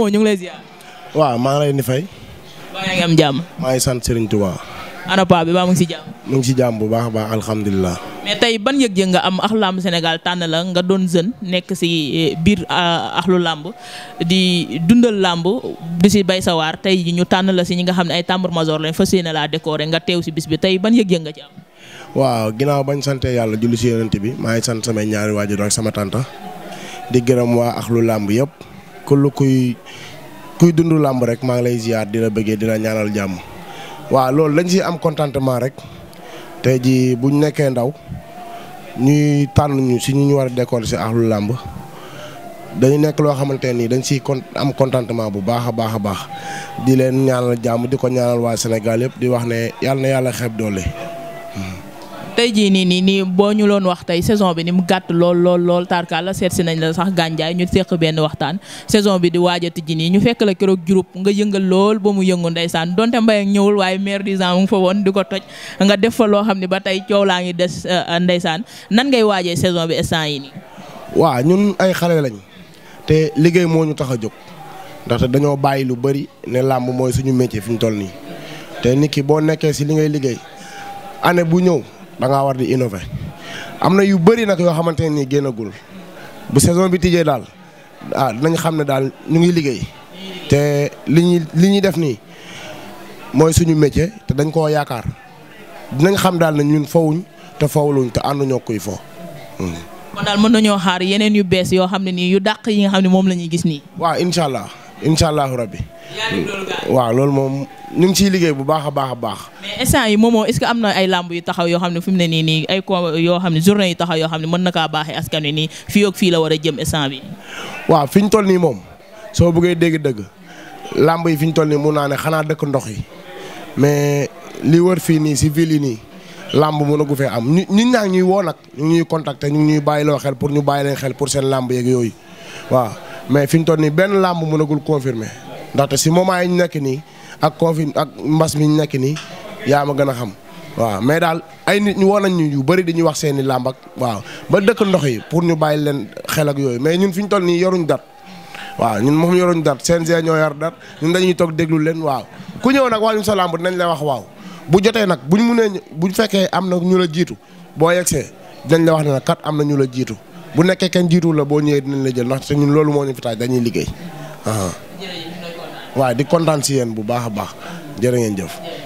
waa ngi waaw maa ngi ni fay. maa am jàmm. maa ngi sant Serigne Touba. ana paa bi baa mu ngi si jàmm. mu ngi si jàmm bu baax a baax alhamdulilah. mais tey ban yëg-yëg nga am axlu làmb Sénégal tànn la nga doon jeune nekk si eh, biir ah, axlu làmb di dundal làmb di si bay sawaar tey ñu tànn la si ñi nga xam ne ay tambour major lañ fa yéene laa décorer nga teew si bis bi tey ban yëg-yëg nga ci am. waaw ginaaw bañ sante yàlla julli si yonent bi maa ngi sant samay ñaari waajur ak sama tànta di gërëm waa axlu làmb yëpp ku kuy dundu làmb rek maa ngi lay ziar di la bëggee dina ñaanal jàmm waaw loolu lañ ci am contentement rek te jii buñ nekkee ndaw ñuy tànn ñu si ñu ñu war a décoller si axlu làmb dañu nekk loo xamante nii dañ siy con am contentement bu baax a baax a baax di leen ñaanal jàmm di ko ñaanal waa Sénégal yëpp di wax ne yàlla na yàlla xeeb doole. tey jii nii nii nii boo ñu loon wax tey saison bi ni mu gàtt lool lool lool tarkaal la seet si nañ la sax gànjaay ñu seq benn waxtaan saison bi di waaja a tijji nii ñu fekk la keroog jurub nga yëngal lool ba mu yëngu ndeysaan donte mbay ak ñëwul waaye maire du ans mu fa woon di ko toj nga def fa loo xam ne ba tey coow laa ngi des euh, euh, ndeysaan nan ngay waajee saison bi instant yi nii. waaw ñun ay xale lañ te liggéey moo ñu tax a jóg ndaxte dañoo bàyyi lu bëri ne làmb mooy suñu métier fi ñu toll nii te nit ki boo nekkee si li ngay liggéey année bu ñëw da ngaa war di innover am na yu bëri nag yoo xamante ne nii génnagul bu saison bi tijjee daal ah dinañ xam ne daal ñu ngi liggéey te li ñuy li ñuy def nii mooy suñu métier te dañ koo yaakaar dinañ xam daal ne ñun fowuñ te fowuluñ te ànduñoo kuy fo. Hmm. kon daal mën nañoo xaar yeneen yu bees yoo xam ne nii yu dàq yi nga xam ne moom la ñuy gis nii. waa incha allah. incha allahu rabbi waaw loolu moom ñu ngi ciy liggéey bu baax a baax a baax. mais instant yi moomoo est-ce que am na ay làmb yu taxaw yoo xam ne fi mu ne nii nii ay yoo xam ne journée yu taxaw yoo xam ne na kaa baaxee askan wi nii fii ak fii la war a jëm instant bi. waaw fi ñu toll nii moom soo bëggee dégg-dëgg làmb yi fi ñu toll nii mun naa ne xanaa dëkk ndox yi mais li wër fii nii si ville yi nii làmb mën a gu fee am ñu ñun ñaa ngi ñuy woo nag ñu ñuy contacter ñu ngi ñuy bàyyi loo xel pour ñu bàyyi leen xel pour seen làmb yeeg yooyu waaw. mais fi ñu toll nii benn làmb mënagul confirmer ndaxte si moment yi ñu nekk nii ak confirme ak mbas mi ñu nekk nii yaa ma gën a xam waaw mais daal ay nit ñu woon nañ ñu yu bëri dañuy wax seeni i waaw ba dëkk ndox yi pour ñu bàyyi leen xel ak yooyu mais ñun fi ñu toll nii yoruñ dat waaw ñun moom yoruñ dat CNG ñoo yor dat ñun dañuy toog déglu leen waaw ku ñëw nag wàññi sa làmb dinañ la wax waaw bu jotee nag bu buñ munee ñu fekkee am na ñu la jiitu boo yegsee dinañ la wax ne nag kat am na ñu la jiitu bu nekkee kenn jiitu la boo ñëwee dinañ la jël ndax te ñun loolu moo ñu fi taaj dañuy liggéey. waaw di kontaan si yéen bu baax a baax jërë ngeen jëf.